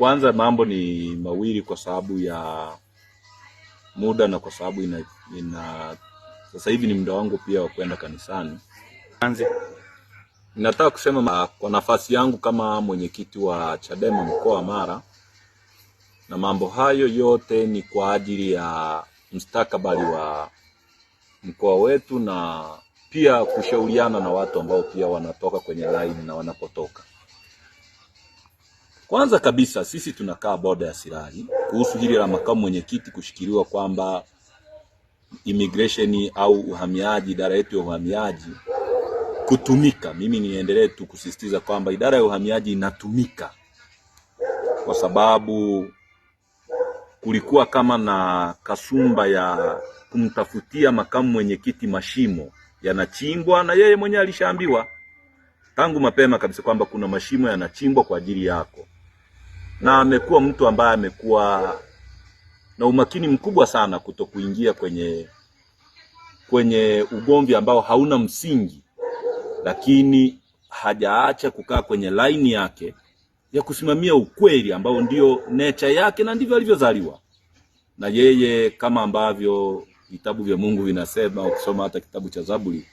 Kwanza mambo ni mawili kwa sababu ya muda na kwa sababu ina, ina sasa hivi ni muda wangu pia wa kwenda kanisani. Anze. Nataka kusema kwa nafasi yangu kama mwenyekiti wa Chadema mkoa wa Mara, na mambo hayo yote ni kwa ajili ya mstakabali wa mkoa wetu na pia kushauriana na watu ambao pia wanatoka kwenye line na wanapotoka. Kwanza kabisa sisi tunakaa boda ya Sirari kuhusu hili la makamu mwenyekiti kushikiliwa kwamba immigration au uhamiaji, idara yetu ya uhamiaji kutumika. Mimi niendelee tu kusisitiza kwamba idara ya uhamiaji inatumika kwa sababu kulikuwa kama na kasumba ya kumtafutia makamu mwenyekiti mashimo yanachimbwa, na yeye mwenyewe alishaambiwa tangu mapema kabisa kwamba kuna mashimo yanachimbwa kwa ajili yako na amekuwa mtu ambaye amekuwa na umakini mkubwa sana kuto kuingia kwenye kwenye ugomvi ambao hauna msingi, lakini hajaacha kukaa kwenye laini yake ya kusimamia ukweli ambao ndio necha yake na ndivyo alivyozaliwa. Na yeye kama ambavyo vitabu vya Mungu vinasema, ukisoma hata kitabu cha Zaburi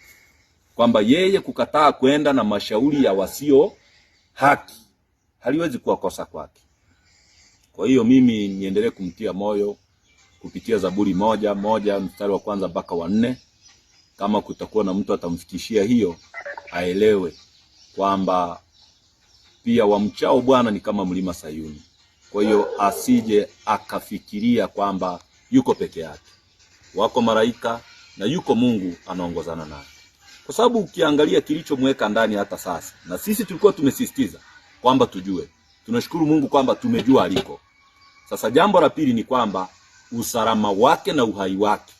kwamba yeye kukataa kwenda na mashauri ya wasio haki haliwezi kuwa kosa kwake. Kwa hiyo mimi niendelee kumtia moyo kupitia Zaburi moja moja mstari wa kwanza mpaka wa nne. Kama kutakuwa na mtu atamfikishia hiyo, aelewe kwamba pia wamchao Bwana ni kama mlima Sayuni. Kwa hiyo asije akafikiria kwamba yuko peke yake, wako malaika na yuko Mungu anaongozana naye, kwa sababu ukiangalia kilichomweka ndani hata sasa, na sisi tulikuwa tumesisitiza kwamba tujue. Tunashukuru Mungu kwamba tumejua aliko. Sasa jambo la pili ni kwamba usalama wake na uhai wake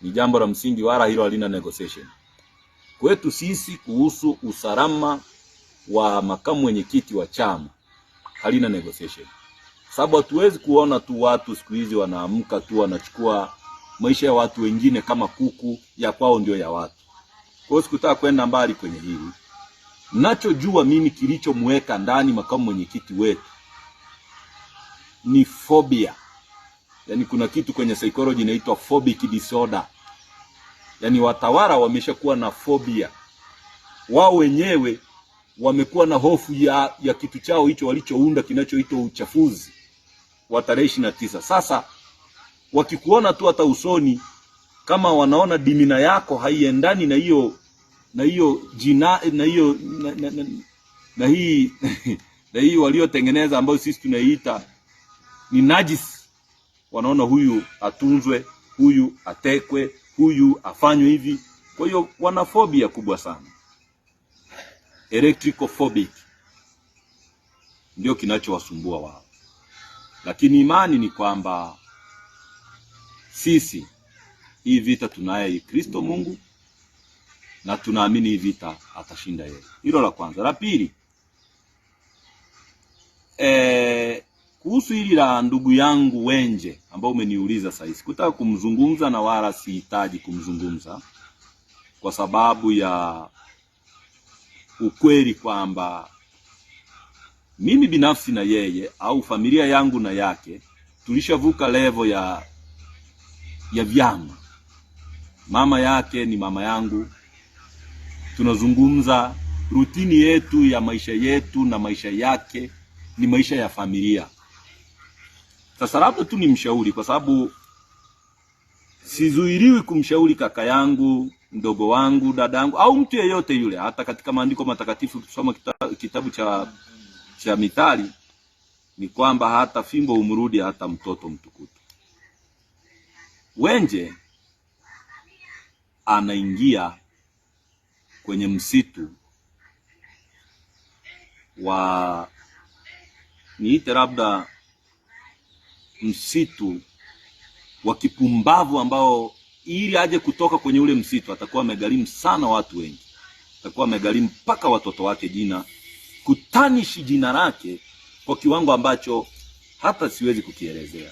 ni jambo la msingi, wala hilo halina negotiation kwetu sisi. Kuhusu usalama wa makamu mwenyekiti wa chama halina negotiation, sababu hatuwezi kuona tu watu siku hizi wanaamka tu wanachukua maisha ya watu wengine kama kuku, ya kwao ndio ya watu. Kwa hiyo sikutaka kwenda mbali kwenye hili. Nachojua mimi kilichomweka ndani makamu mwenyekiti wetu ni phobia. Yaani kuna kitu kwenye psychology inaitwa phobic disorder. Yaani watawala wameshakuwa na phobia, wao wenyewe wamekuwa na hofu ya, ya kitu chao hicho walichounda kinachoitwa uchafuzi wa tarehe ishirini na tisa. Sasa wakikuona tu hata usoni, kama wanaona dimina yako haiendani na hiyo na hiyo jina na hiyo na, na, na, na hii na hii waliotengeneza ambayo sisi tunaiita ni najisi, wanaona huyu atunzwe, huyu atekwe, huyu afanywe hivi. Kwa hiyo wana fobia kubwa sana, electrophobic ndio kinachowasumbua wao, lakini imani ni kwamba sisi hii vita tunaye Kristo Mungu na tunaamini hii vita atashinda yeye. Hilo la kwanza. La pili, eh, kuhusu hili la ndugu yangu Wenje ambao umeniuliza sasa, sikutaka kumzungumza na wala sihitaji kumzungumza kwa sababu ya ukweli kwamba mimi binafsi na yeye au familia yangu na yake tulishavuka levo ya ya vyama. Mama yake ni mama yangu, tunazungumza rutini yetu ya maisha yetu na maisha yake ni maisha ya familia. Sasa labda tu ni mshauri, kwa sababu sizuiriwi kumshauri kaka yangu, mdogo wangu, dada yangu au mtu yeyote yule. Hata katika maandiko matakatifu ukisoma kitabu, cha, cha Mithali ni kwamba hata fimbo umrudi hata mtoto mtukutu. Wenje anaingia kwenye msitu wa niite labda msitu wa kipumbavu ambao ili aje kutoka kwenye ule msitu atakuwa amegharimu sana watu wengi, atakuwa amegharimu mpaka watoto wake jina, kutanishi jina lake kwa kiwango ambacho hata siwezi kukielezea.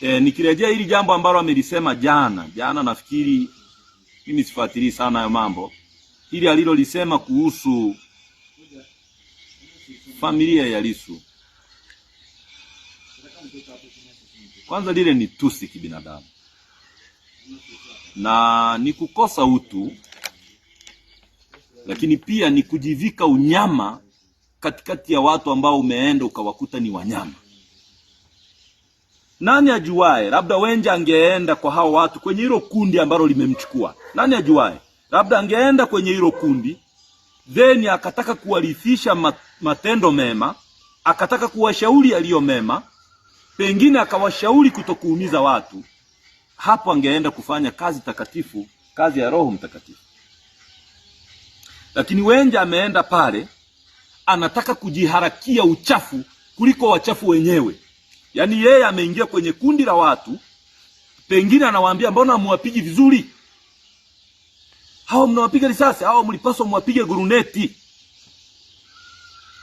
E, nikirejea hili jambo ambalo amelisema jana jana, nafikiri mimi sifuatilii sana hayo mambo, hili alilolisema kuhusu familia ya Lissu Kwanza lile ni tusi kibinadamu na ni kukosa utu, lakini pia ni kujivika unyama katikati ya watu ambao umeenda ukawakuta ni wanyama. Nani ajuae, labda Wenje angeenda kwa hao watu kwenye hilo kundi ambalo limemchukua. Nani ajuae, labda angeenda kwenye hilo kundi then akataka kuwarithisha matendo mema, akataka kuwashauri yaliyo mema pengine akawashauri kutokuumiza watu, hapo angeenda kufanya kazi takatifu, kazi ya Roho Mtakatifu. Lakini Wenje ameenda pale, anataka kujiharakia uchafu kuliko wachafu wenyewe. Yaani yeye ameingia kwenye kundi la watu, pengine anawaambia mbona hamuwapigi vizuri hawa, mnawapiga risasi hawa, mlipaswa mwapige guruneti.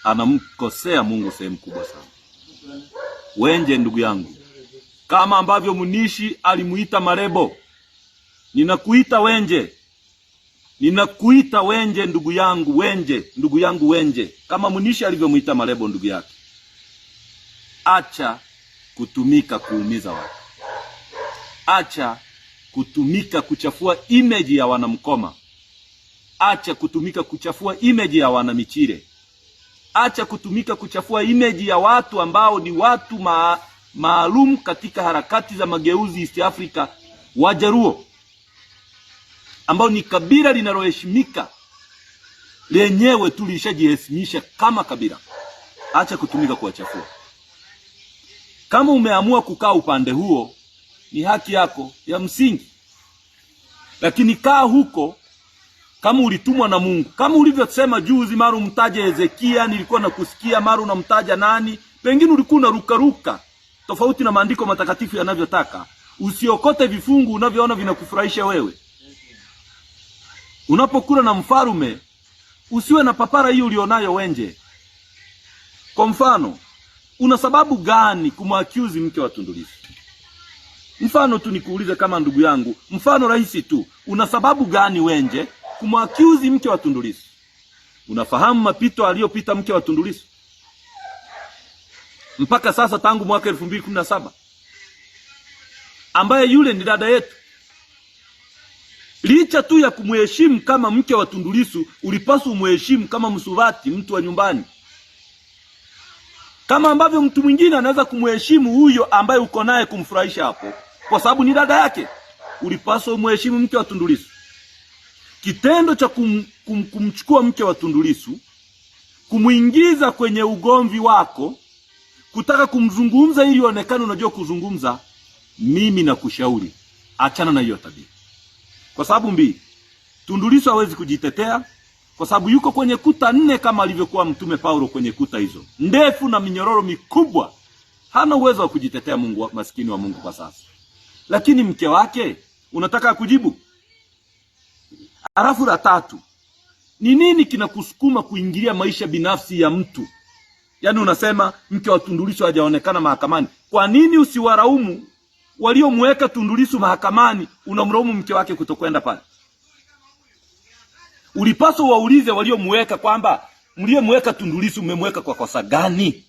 Anamkosea Mungu sehemu kubwa sana. Wenje ndugu yangu, kama ambavyo Munishi alimuita Marebo, ninakuita Wenje, ninakuita Wenje ndugu yangu, Wenje ndugu yangu, Wenje, kama Munishi alivyomuita Marebo ndugu yake. Acha kutumika kuumiza watu, acha kutumika kuchafua imeji ya wanamkoma, acha kutumika kuchafua imeji ya wanamichire acha kutumika kuchafua imeji ya watu ambao ni watu ma, maalum katika harakati za mageuzi East Africa, Wajaruo ambao ni kabila linaloheshimika lenyewe tu lilishajiheshimisha kama kabila. Acha kutumika kuwachafua. Kama umeamua kukaa upande huo, ni haki yako ya msingi, lakini kaa huko kama ulitumwa na Mungu, kama ulivyosema juzi, mara umtaje Hezekia, nilikuwa nakusikia, mara unamtaja nani, pengine ulikuwa unarukaruka tofauti na maandiko matakatifu yanavyotaka. Usiokote vifungu unavyoona vinakufurahisha wewe. Unapokula na mfarume, usiwe na papara hiyo ulionayo wenje. Kwa mfano, una sababu gani kumwaccuse mke wa Tundu Lissu? Mfano tu nikuulize, kama ndugu yangu, mfano rahisi tu, una sababu gani wenje kumwakiuzi mke wa Tundu Lissu. Unafahamu mapito aliyopita mke wa Tundu Lissu mpaka sasa tangu mwaka elfu mbili kumi na saba ambaye yule ni dada yetu. Licha tu ya kumheshimu kama mke wa Tundu Lissu, ulipaswa umheshimu kama msuvati, mtu wa nyumbani, kama ambavyo mtu mwingine anaweza kumheshimu huyo ambaye uko naye kumfurahisha hapo, kwa sababu ni dada yake. Ulipaswa umheshimu mke wa Tundu Lissu. Kitendo cha kum, kum, kumchukua mke wa Tundu Lissu kumwingiza kwenye ugomvi wako, kutaka kumzungumza ili uonekane unajua kuzungumza, mimi nakushauri achana na hiyo tabia, kwa sababu mbili. Tundu Lissu hawezi kujitetea kwa sababu yuko kwenye kuta nne kama alivyokuwa Mtume Paulo kwenye kuta hizo ndefu na minyororo mikubwa, hana uwezo wa kujitetea. Mungu maskini wa Mungu kwa sasa. Lakini mke wake unataka kujibu arafu la tatu, ni nini kinakusukuma kuingilia maisha binafsi ya mtu? Yaani unasema mke wa Tundu Lissu hajaonekana mahakamani. Kwa nini usiwaraumu waliomweka Tundu Lissu mahakamani? Unamlaumu mke wake kutokwenda pale. Ulipaswa waulize waliomweka kwamba mliyemweka Tundu Lissu mmemweka kwa kosa gani?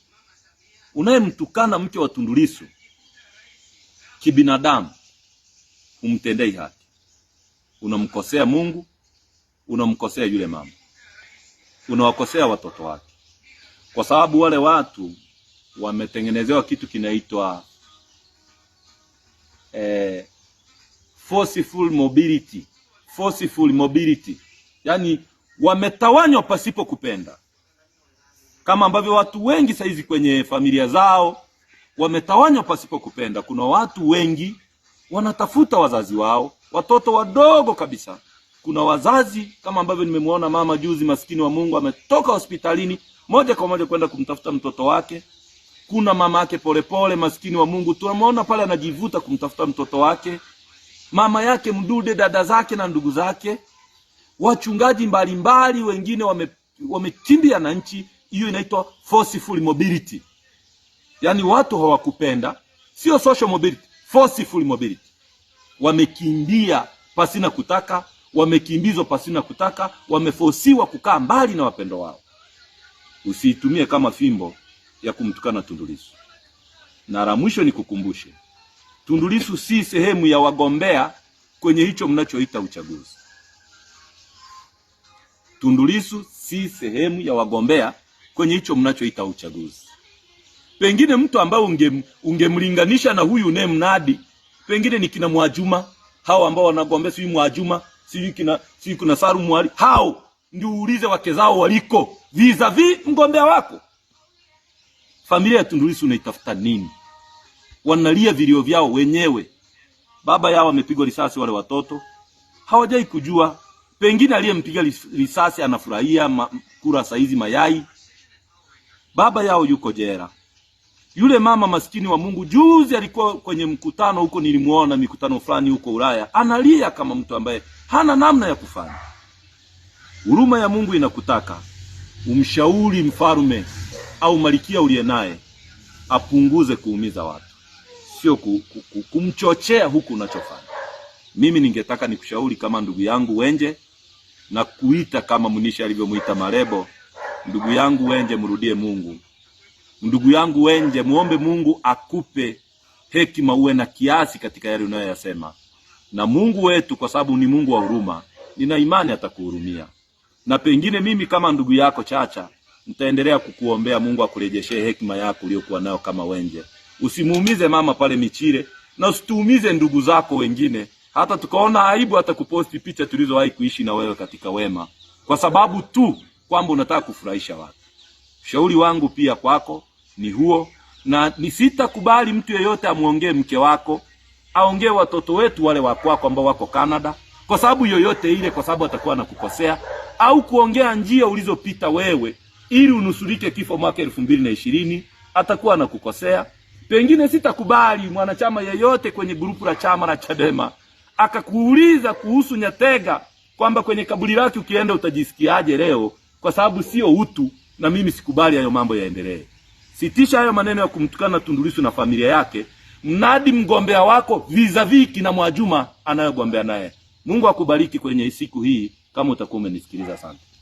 Unayemtukana mke wa Tundu Lissu kibinadamu, umtendei haki, unamkosea Mungu unamkosea yule mama, unawakosea watoto wake, kwa sababu wale watu wametengenezewa kitu kinaitwa eh, forceful mobility, forceful mobility, yani wametawanywa pasipo kupenda, kama ambavyo watu wengi saizi kwenye familia zao wametawanywa pasipo kupenda. Kuna watu wengi wanatafuta wazazi wao, watoto wadogo kabisa kuna wazazi kama ambavyo nimemwona mama juzi, maskini wa Mungu, ametoka hospitalini moja kwa moja kwenda kumtafuta mtoto wake. Kuna mama yake Polepole, maskini wa Mungu, tunamwona pale anajivuta kumtafuta mtoto wake, mama yake Mdude, dada zake na ndugu zake, wachungaji mbalimbali mbali, wengine wame wamekimbia na nchi hiyo. Inaitwa forceful mobility, yaani watu hawakupenda, sio social mobility, forceful mobility, wamekimbia pasina kutaka wamekimbizwa pasina kutaka, wamefosiwa kukaa mbali na wapendo wao. Usiitumie kama fimbo ya kumtukana Tundu Lissu. Na la mwisho ni kukumbushe, Tundu Lissu si sehemu ya wagombea kwenye hicho mnachoita uchaguzi. Tundu Lissu si sehemu ya wagombea kwenye hicho mnachoita uchaguzi. Pengine mtu ambaye unge, ungemlinganisha na huyu unayemnadi pengine ni kina Mwajuma, hao ambao wanagombea si Mwajuma sijui kina sijui kuna Salum Mwali, hao ndio uulize wake zao waliko viza vi mgombea wako. Familia ya Tundu Lissu unaitafuta nini? Wanalia vilio vyao wenyewe. Baba yao amepigwa risasi, wale watoto hawajai kujua. Pengine aliyempiga risasi anafurahia kura saizi mayai. Baba yao yuko jela. Yule mama maskini wa Mungu juzi alikuwa kwenye mkutano huko, nilimwona mikutano fulani huko Ulaya, analia kama mtu ambaye hana namna ya kufanya. Huruma ya Mungu inakutaka umshauri mfarume au malikia uliye naye apunguze kuumiza watu, sio kumchochea huku unachofanya. Mimi ningetaka nikushauri kama ndugu yangu Wenje na kuita kama Mnisha alivyomwita Marebo, ndugu yangu Wenje, mrudie Mungu. Ndugu yangu Wenje, muombe Mungu akupe hekima, uwe na kiasi katika yale unayoyasema, na Mungu wetu, kwa sababu ni Mungu wa huruma, nina imani atakuhurumia. Na pengine mimi kama ndugu yako Chacha nitaendelea kukuombea Mungu akurejeshe hekima yako uliyokuwa nayo kama Wenje. Usimuumize mama pale Michire na usituumize ndugu zako wengine, hata tukaona aibu hata kuposti picha tulizowahi kuishi na wewe katika wema, kwa sababu tu kwamba unataka kufurahisha watu. Ushauri wangu pia kwako ni huo, na ni sitakubali mtu yeyote amwongee mke wako, aongee watoto wetu wale kwako ambao wako Canada kwa sababu yoyote ile, kwa sababu atakuwa anakukosea au kuongea njia ulizopita wewe ili unusurike kifo mwaka elfu mbili na ishirini, atakuwa anakukosea. Pengine sitakubali mwanachama yeyote kwenye grupu la chama la Chadema akakuuliza kuhusu Nyatega kwamba kwenye kaburi lake ukienda utajisikiaje leo, kwa sababu sio utu, na mimi sikubali hayo mambo yaendelee. Sitisha hayo maneno ya kumtukana Tundu Lissu na familia yake, mnadi mgombea wako vizavi kina Mwajuma anayogombea naye. Mungu akubariki kwenye siku hii, kama utakuwa umenisikiliza. Asante.